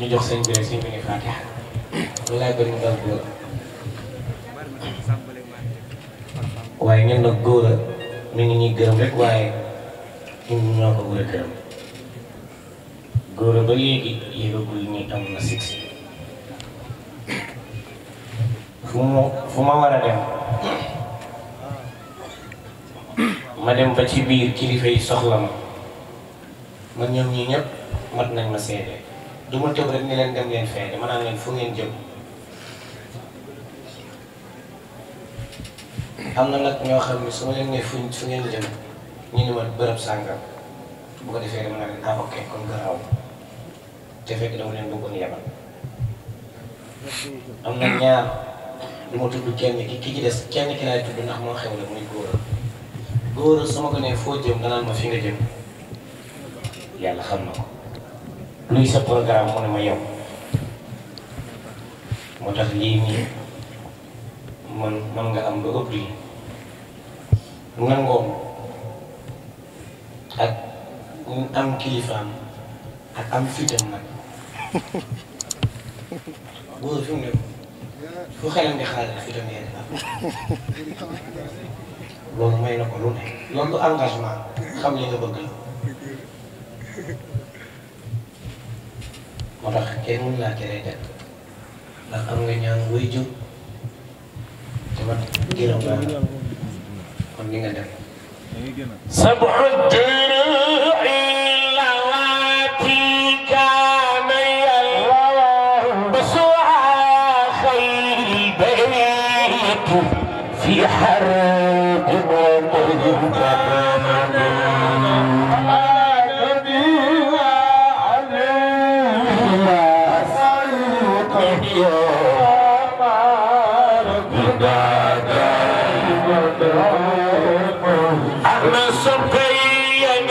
ñu jox seen bi rek sëñ bi ni Fatiha ñu laaj ko ñu doon góor waaye ñun nag góor a ñu ngi ñuy gërëm rek waaye ñun ñoo ko war a gërëm góor a ba léegi yëgagul ñu am na six fu mu fu ma war a dem ma dem ba ci biir kilifa yi soxla ma man ñoom ñi ñëpp mat nañ ma seede du ma tëb rek ni leen dem leen fee dama naan leen fu ngeen jëm am na nag ñoo xam ne su ma leen ne fu fu ngeen jëm ñu ni ma bërëb sàngam bu ko defee dama naan leen am na ñaar du ma tudd kenn ki ki ci des kenn ki laay tudd ndax moo xew la muy góor góor su ma ko nee foo jëm danaan ma fi nga jëm yàlla xam na ko luy sa programme mu ne ma yow moo tax lii nii man man nga am lu ëpp lii nangoom ak am kilifaam ak am fitam nag góor fi mu ne fu xelam di xalaat ak fitam yéen loolu may na ko lu ne loolu engagement xam li nga bëgg moo tax kenn mënu laa teree dem ndax am nga ñaan wuy jóg te man gërëm laa kon ni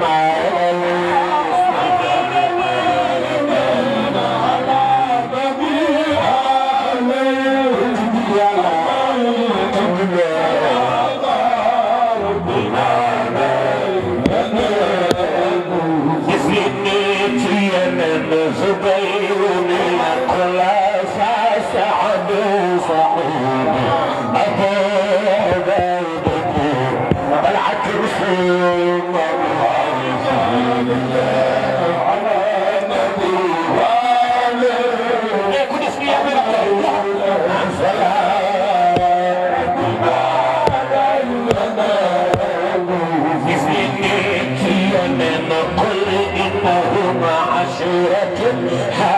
my Hallelujah.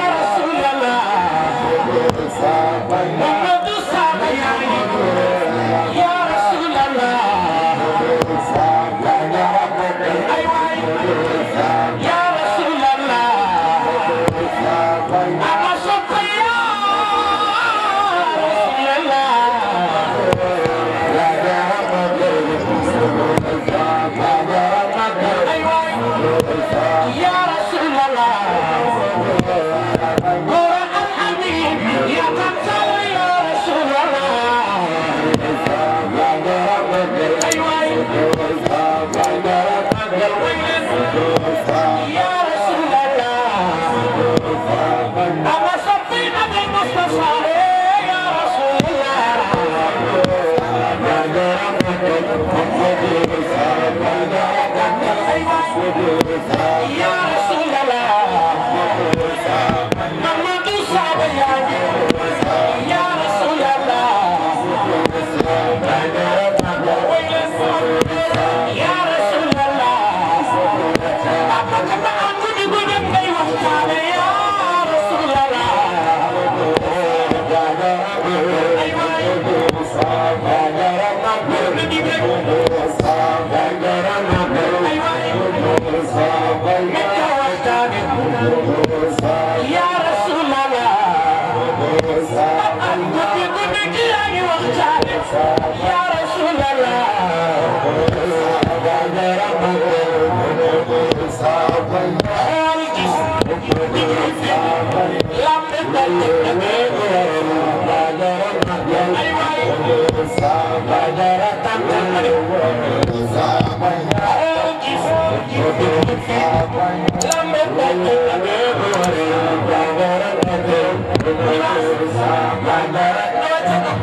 Yeah. Bye.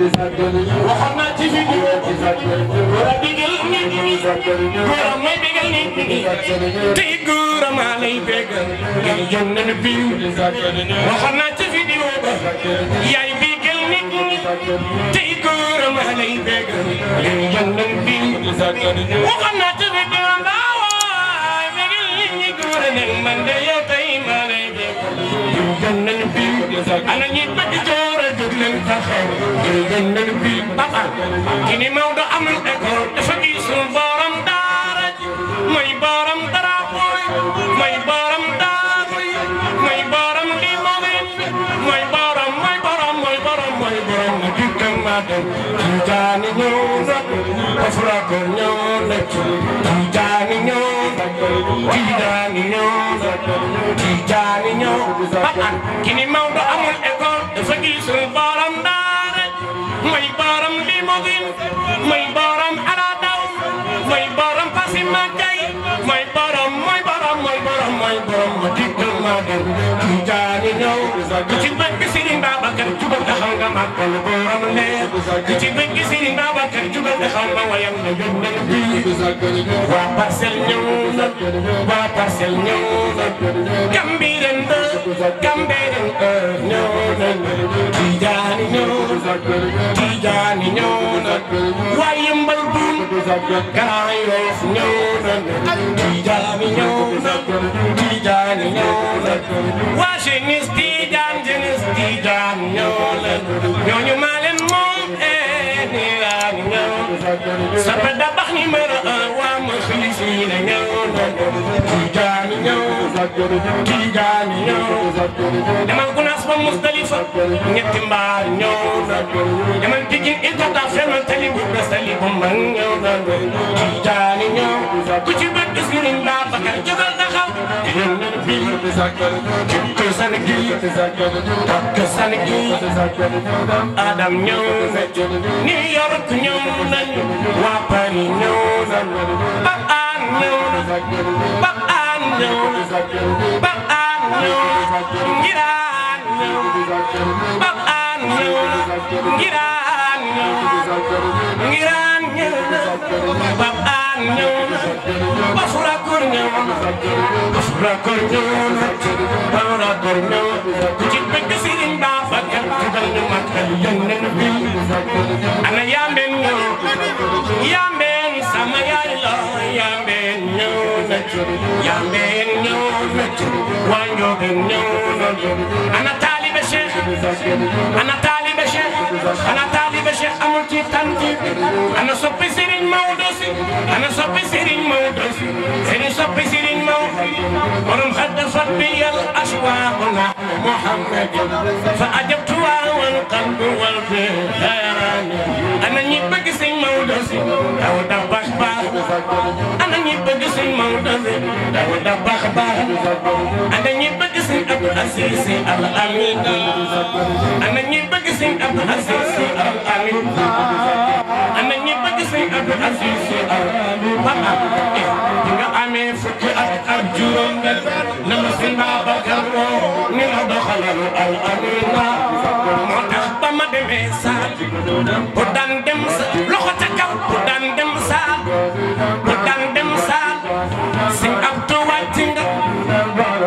waxoon naa ci vidéo góor a digal nit ñi góor a may digal nit ñi tey góor a maa lay bégal ngir jëm nañu biir waxoon naa ci vidéo ba yaay bégal nit ñi tey góor a maa lay bégal ngir jëm nañu biir waxoon naa ci vidéo ba waay bégal nit ñi góor a nekk man de yow tey maa lay bégal ngir jëm nañu biir ana ñi bëgg nañ taxaw jël nañ fi baxal ki ni Maodo amul école dafa gisul booram daara ji mooy booram dara booy mooy booram daara yi mooy booram lii moom it mooy booram mooy booram mooy booram mooy booram na dikkam maa dem tiitaani ñëw na afraako ñëw na tiitaani ñëw tiitaani ñëw tiitaani ñëw baxal ki ni Maodo amul école sagisul borom daara mooy borom limousine mooy borom aradaw mooy borom pasima jay mooy borom mooy borom mooy borom mooy borom ma dikkal ma dem jaani ñëw ci bëgg si Babacar jubal taxaw nga màggal booram leer ku ci bëgg Serigne Babacar jubal taxaw nga wayal na yónnal bi waa parcelle ñëw na waa parcelle ñëw na Gambie Gambeeru ñëw na Tijaani ñëw na Tijaani ñëw na waaye Yëmbal buum Grand Yoff ñëw na Tijaani ñëw na Tijaani ñëw na waa jeunesse Tijaan jeunesse Tijaan waa ñoo leen ñooñu maa leen moom ee eh, nii waa ñoo saba dabax ni mara waa ma fii fii la ñoo tijaani ñoo tijaani ñoo demal gunaas ba mustalifa ñetti mbaar ñoo demal tijin itata femal tali bu gasali bu man ñoo tijaani ñoo ku ci bëgg cosaan gi cosaan gi Adam ñëw New York ñëw nañu waa Paris ñëw nañu ba aan ñëw ba aan ñëw ba aan ñëw ngiraan ñëw ba aan ñëw ngiraan ngiraan ñëw na bab aan ñëw na basurakur ñëw na basurakur ñëw na basurakur ñëw na ku ci bëgg sëriñ ba fagal tugal ñu makkal yónneen bi ana yaambeen ñëw yaambeen sama yaay la yaambeen ñëw na yaambeen ñëw na waa njoobeen ñëw na ana taalibe cheikh ana taalibe cheikh ana taalibe ci tànki ana soppi Serigne Maodo si ana soppi Serigne Maodo si Serigne soppi Serigne Maodo borom xadda fat bi yal aswaaquna Muhammad fa ajabtu wal qalbu wal fi xeeraani ana ñi bëgg Serigne Maodo si daw daw baax ana ñi bëgg suñ Maodo si Daouda baax baax ana ñi bëgg suñ Abdou Aziz si Al Amin ana ñi bëgg suñ Abdou Aziz si Al Amin ana ñi bëgg suñ Abdou Aziz si Al Amin papa di eh, nga amee fukki at ak juróom nga na ma suñ Babacar woo xalalu al amina moo tax ba ma demee saal bu daan dem saal loxo ca kaw bu daan dem saal bu daan dem saal si ab to wàcc nga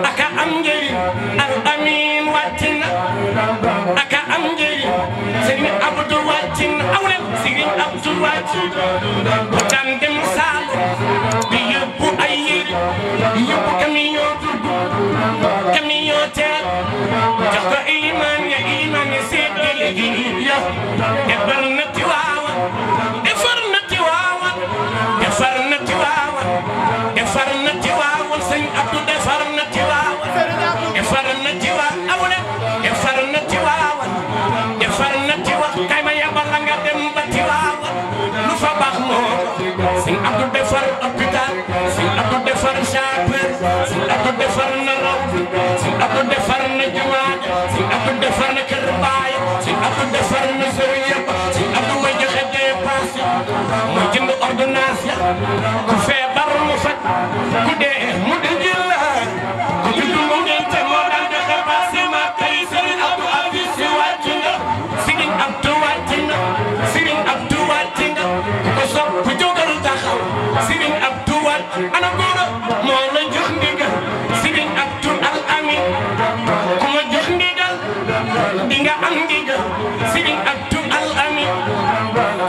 aka am njëriñ al amin wàcc na aka am njëriñ sëriñ abdu wàcc na aw leen sëriñ abdu wàcc bu daan dem saal di yóbbu ay yëri yóbbu camion jox ko iman ya iman seet la liggéey Abdou defar na jumaa ja Sëñ Abdou defar na kër baay Sëñ Abdou defar na sëru yëpp Sëñ Abdou mooy joxe dépense mooy jënd ordonnance ya ku feebar mu faj ku dee mu dee sëriñ Abdu Al Amin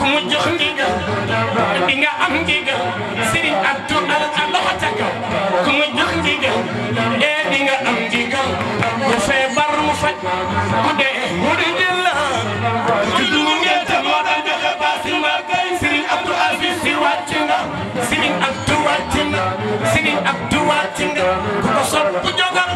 ku mu jox ndigal di nga am ndigal sëriñ Abdu Al Amin loxo ca kaw ku mu jox ndigal ee di nga am ndigal ku feebar mu faj ku dee mu di jël juddu mu ngente moo daan joxe baasi ma kay sëriñ Abdu Aziz Si wàcc na sëriñ Abdu wàcc na sëriñ Abdu wàcc na ku ko sopp ku jogal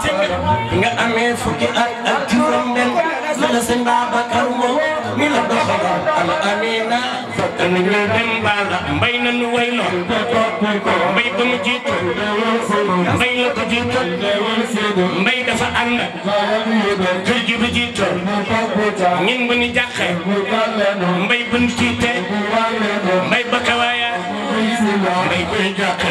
nga amee fukki at ak juróom benn la la sëñ Babacar moom mi la doxaloon am amina fokk nu ñu dem baala mbay na nu way lool mbay ba mu jiitu mbay la ko jiitu mbay dafa ànd kër gi bu jiitu ñin bu ñu jàqe mbay bu ñu jiite mbay ba kawaaya mbay bu ñu jàqe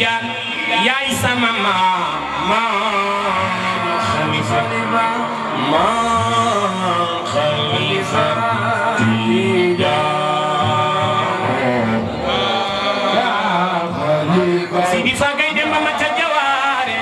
yaa yaay sama maama xalifa maam xalifa Sidi Fa Gaye Demba ma ca jawaare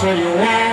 so you want